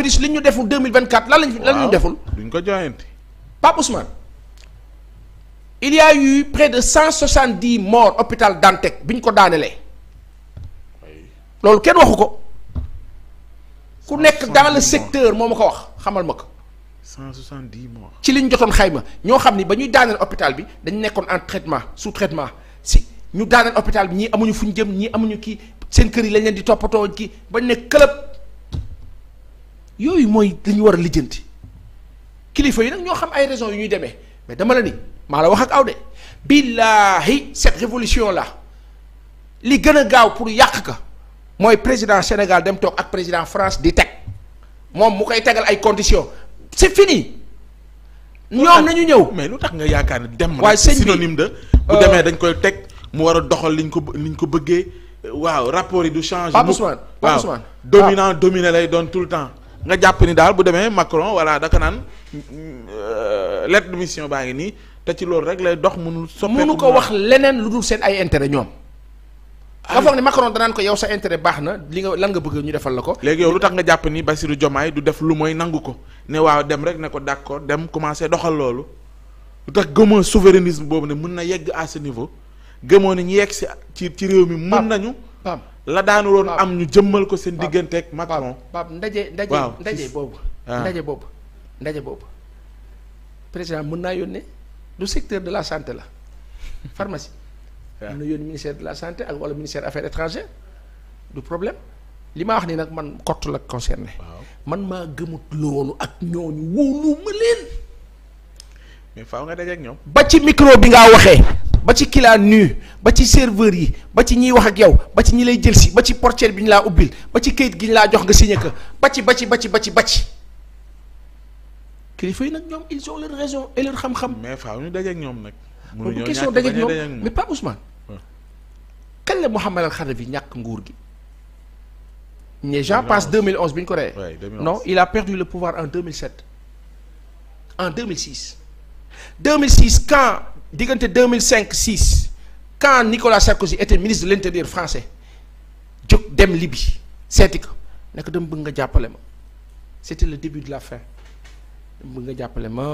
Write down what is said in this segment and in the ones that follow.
coronavirus li ñu deful 2024 lan lañ lan lañu deful duñ ko jaayanti Pape Ousmane il y a eu près de 170 morts hôpital Dantec bi ñu ko daanelee loolu kenn waxu ko ku nekk dans le secteur moom ma ko wax xamal ma ko 170 morts ci li ñu jotoon xayma ñoo xam ni ba ñuy daaneel hôpital bi dañu nekkoon en traitement sous traitement si ñu daaneel hôpital bi ñii amuñu fu ñu jëm ñii amuñu kii seen kër yi lañ leen di toppatoo kii bañ nekk club yooyu mooy dañu war a lijjanti kilifa yi nag ñoo xam ay raisons yu ñuy demee mais dama la ni maa la wax ak aw de billaahi cette révolution la li gën a gaaw pour yàq ka mooy président Sénégal dem toog ak président France di teg moom mu koy tegal ay conditions c'est fini. ñoom nañu ñëw mais lu tax nga yaakaar ne dem. waaye sëñ bi synonyme de bu euh, demee dañ koy teg mu war a doxal liñ ko liñ ko bëggee waaw rapport yi du changer. Pape Ousmane Pape Ousmane dominant ah. dominé lay doon tout le temps. nga jàpp ni daal bu demee Macron voilà daka naan euh, lettre de mission baa ngi nii te ci loolu rek lay dox mënul soppeeku mënu ko wax leneen lu dul seen ay intérêt ñoom. nga ah, foog ne Macron danaan ko yow sa intérêt baax na li nga lan nga bëgg ñu defal la ko. léegi yow lu tax nga jàpp ni Bassirou Diomaye du def lu mooy nangu ko ne waaw dem rek ne ko d'accord dem commencé doxal loolu lu tax gëmoo souverainisme boobu ne mun na yegg à ce niveau gëmoo ne ñu yegg si ci ci réew mi. mën nañu. la daanu doon am ñu jëmmal ko seen diggante ak Macron Pape ndaje ndaje ndaje boobu ah. ndaje boobu ndaje boobu président mën naa yónnee du secteur de la santé la pharmacie ah. mën na yónni ministère de la santé ak wala ministère affaires étrangères du problème li ma wax ni nag man kott la concerné man maa gëmut loolu ak ñooñu wóolu ma leen mais faaw nga daje ak ñoom ba ci micro bi ngaa waxee ba ci kilaa nu ba ci serveur yi ba ci ñiy wax ak yow ba ci ñi lay jël si ba ci portière bi ñu laa ubbil ba ci kayit gi ñu laa jox nga signé ka ba ci ba ci ba ci ba ci ba ci kilifa yi nag ñoom ils ont leur raison mais faaw ñu dajeeg ñoom nag. mënuñoo question dajeeg kan la Mouhamed Al Khadafi ñàkk nguur gi. mais j'en passe 2011 bi ñu ko reyee. non il a perdu le pouvoir en 2007. en 2006. 2006 quand. diggante deux 2005 6 quand Nicolas Sarkozy était ministre de l'intérieur français jóg dem Libye seeti ko ne ko dama bëgg nga jàppale ma c'était le début de la fin dama bëgg nga jàppale ma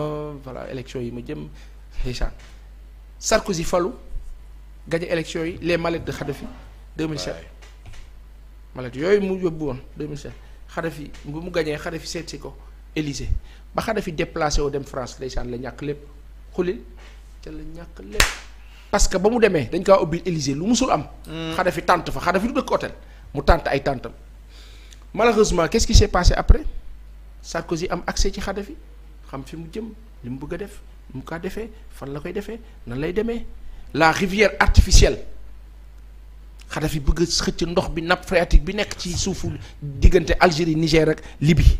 voilà élection yi ma jëm ndeysaan Sarkozy falu gañe élection yi les mallettes de Kadhafi 2007 mallettes yooyu mu yóbbu woon 2007 Kadhafi bu mu gañee Kadhafi seet si ko Élysée ba Kadhafi déplacé wu dem France ndeysaan la ñàkk lépp xulil ca la ñàkk lépp parce que ba mu demee dañ kaa ubbi Élysée lu musul am. Kadhafi hmm. tànt fa Kadhafi du dëkk hôtel mu tànt ay tàntam malheureusement qu'est-ce qui s'est passé après Sarkozy am accès ci Kadhafi xam fi mu jëm li mu bëgg a def mu kaa defee fan la koy defee na lay demee la rivière artificielle Kadhafi bëgg xëcc ndox bi napp phréatique bi nekk ci suufu diggante Algérie Niger ak Libye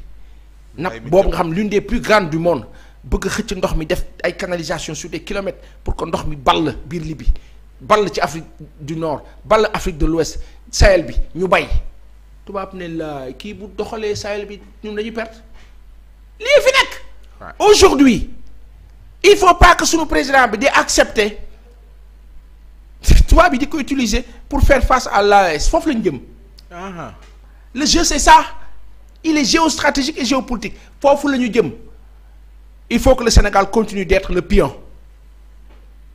nappe boobu nga xam l'une des plus grande du monde bëgg xëcc ndox mi def ay canalisation su des kilomètres pour que ndox mi ball biir Libye ball ci Afrique du Nord ball Afrique de l'Ouest Sahel bi ñu bay tubaab ne la kii bu doxalee Sahel bi ñun dañuy perte lii fi nekk aujourd'hui il faut pas que suñu président bi di accepter tubaab bi di ko utiliser pour faire face à la l'AES foofu lañ jëm le jeu c'est ça il est géostratégique et géopolitique foofu la ñu jëm il faut que le Sénégal continue d'être le pion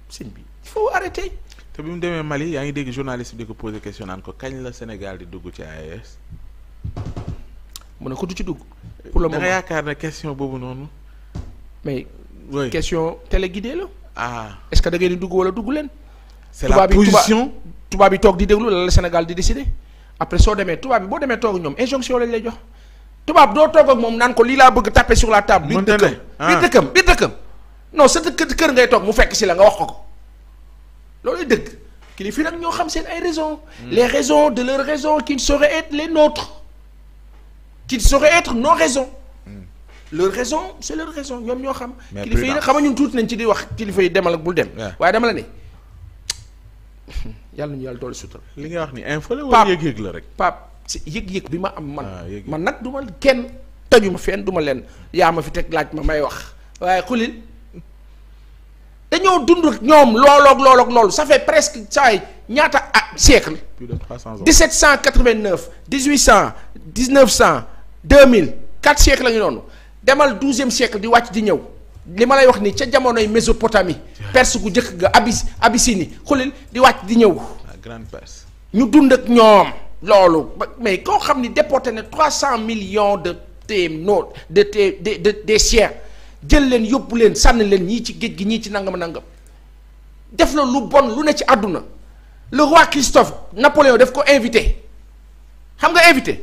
sëñ bi il faut arrêter. te bi mu demee Mali yaa ngi dégg journaliste bi di ko posé question naan ko kañ la Sénégal di dugg ci AES. mu ne ko du ci dugg. pour le moment da yaakaar ne question boobu noonu. mais question téléguidée la. ah est-ce que da ngeen di dugg wala dugg leen. c'est la position tubaab bi toog di déglu la la Sénégal di décider après soo demee tubaab bi boo demee toog ñoom injonction lañ lay jox doo toog moom naan ko lii laa bëgg taper sur la table. mënta Ah. biir dëkkam biir dëkkam non sa dëkk kër ngay toog mu fekk si la nga wax ko ko loolu dëgg kilifa nag ñoo xam seen ay raisons. Hmm. le raisons de leurs raisons qui ne sauraient être les nôtres qui ne sauraient être nos hmm. leur raison c'est leur ñoom ñoo xam. kilifa yi nag xam tuuti nañ ci di wax kilifa demal ak bul dem. waaye dama la ne yàlla ñu yàlla doole sutura. li nga wax ni info la wala yëg-yëg la rek. Pape Pape bi ma am man. Ah, man nag du kenn. tajuma fenn duma leen yaa ma fi teg laaj ma may wax waaye xulil dañoo dund ñoom looloog looloog loolu ça fait presque saay ñaata ah siècle. plus de 300 ans 1789 1800 1900 2000 4 siècles la ñu noonu demal 12e di wàcc di ñëw li ma lay wax ni ca jamonoy Mésopotamie Perse gu njëkk ga Abys Abyssinie xulil di wàcc di ñëw. grande Perse. ñu dund ak ñoom loolu mais koo xam ni déporté na 300 millions de. des nôtres de tes de de des siens jël leen yóbbu leen sànni leen ñii ci géej gi ñii ci nangam nangam def la lu bon lu ne ci àdduna le roi Christophe Napoléon def ko invité xam nga invité.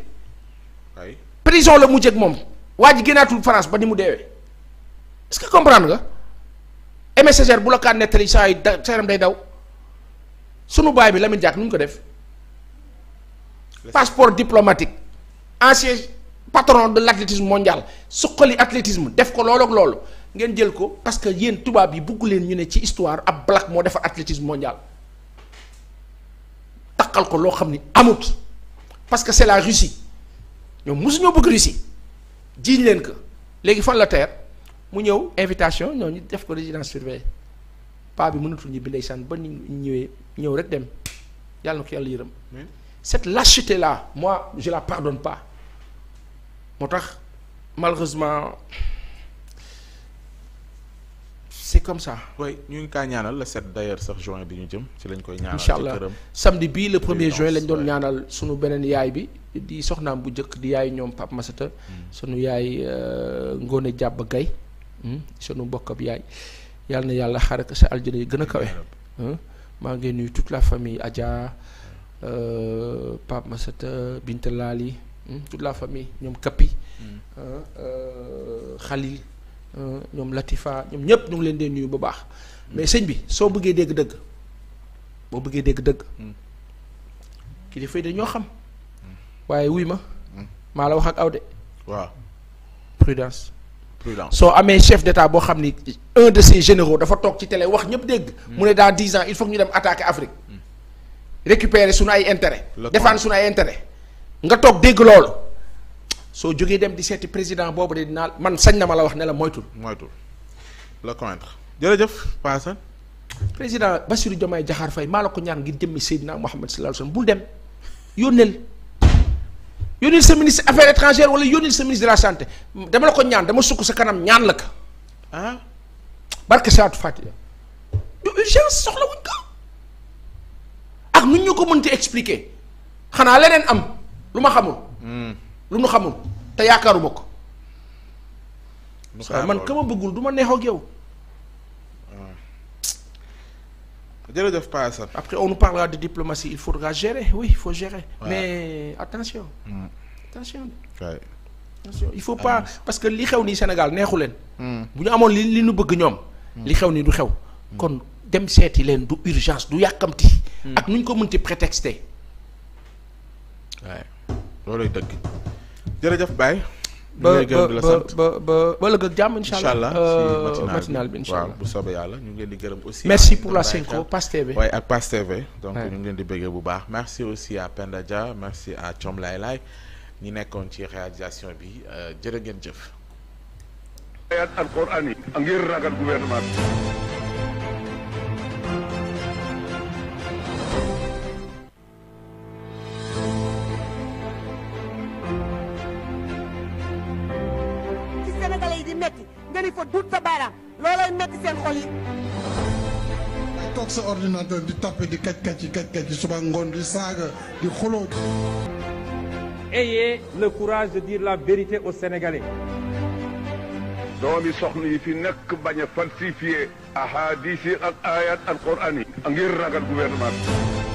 oui prison la mujjee ak moom waa ji génnaatul France ba ni mu deewee est-ce que comprendre nga messager bu la kaa nettali saa yi da sa day daw sunu baay bi Lamine Diack nu ñu ko def passeport diplomatique ancien patron de l' athlétisme mondial suqali athlétisme def ko loolu ak loolu ngeen jël ko parce que yéen tubaab yi bugg leen ñu ne ci histoire ab black moo defar athlétisme mondial takkal ko loo xam ni amut parce que c' est la Russie ñoom mosuñoo bëgg Russie jiiñ leen ko léegi fan la teer mu ñëw invitation ñooñu def ko résidence surveillée paa bi mënatul ñibbi ndeysaan ba ñu ñëwee ñëw rek dem yàlla na ko yàlla yërëm cette lâcheté la moi je la pardonne pas. moo tax malheureusement c'est comme ça. oui ñu ngi kaa ñaanal le 7 d'ailleurs sax juin bi ñu jëm ci lañ koy. ñaanal ci këram incha allah samedi bii le premier juin lañ doon ñaanal sunu beneen yaay bi di soxnaam bu njëkk di yaay ñoom Pape Massata. Hmm. sunu yaay euh, ngoone Diab Gaye hmm. sunu mbokk ab yaay yàlla na yàlla xaaral ko sa aljana yi gën a kawe. Hmm. maa ngi nuyu toute la famille Adja euh, Pape Massata Binta yi Hmm? toute la famille ñoom Kapi. Hmm. Euh, Khalil ñoom Latifa ñoom ñëpp ñu ngi leen dee nuyu bu baax. Hmm. mais sëñ bi soo bëggee dégg dëgg boo bëggee dégg dëgg. kilifa yi ñoo xam. waaye wuy ma. maa la wax ak aw de. waaw prudence. prudence soo amee chef d'état boo xam ni un de ses généraux dafa toog ci télé wax ñëpp dégg. mu ne dans dix ans il faut ñu dem attaquer Afrique. récupérer suñu ay intérêt défendre suñu ay intérêt nga toog dégg loolu soo jógee dem di seeti président boobu de dinaa man sañ na ma la wax ne la moytul. moytul la convaincre jërëjëf Passa. président Bassirou Diomaye Diakhar Faye maa la ko ñaan ngir jëmmi Seydina Mohamed sallallahu alayhi wasallam bul dem yónneel yónneel sa ministre affaires étrangères wala yónneel sa ministre de la santé dama la ko ñaan dama sukk sa kanam ñaan la ka ah barke saatu Fatiha du urgence soxla wuñ ko ak nu ñu ko mënti expliquer xanaa leneen am. lu ma xamul. Hmm. lu nu xamul te yaakaaruma ko. man ka ma bëggul du ma neexoo ak yow. Ah. jërëjëf Pa Assane. après on nous parlera de diplomatie il faudra faut mais attention. Mmh. il faut pas parce que li xew nii Sénégal neexu leen. Hmm. bu ñu amoon li li nu bëgg ñoom. Hmm. li xew nii du xew. kon dem seeti leen du urgence du yàkkamti. ak nu ñu ko mënti prétexté. waay. loolooy dëgg jërëjëf Baye. ba ba ba ba ba lëkkal jàmm incha allah allah euh, matinal bi incha allah bu soobee yàlla ñu ngi leen di gërëm aussi. merci ah, pour la synchro Pass TV. waaye ak Pass TV. donc ñu ngi leen di bëggee bu baax. merci aussi à Penda Dia merci à Thiom Lay Lay ñi nekkoon ci réalisation bi euh, jërë ngeen jëf. ayaat nga ni fa duut sa baaraam loolay metti seen xol yi. toog sa ordinateur di tapé di kaj kaj yi kaj kaj yi suba ngoon di saaga di xuloo. ayez le courage de dire la vérité au Sénégalais. doomi soxna yi fi nekk bañ a falsifié ahadis yi ak ayat alquran yi. ngir ragal gouvernement bi.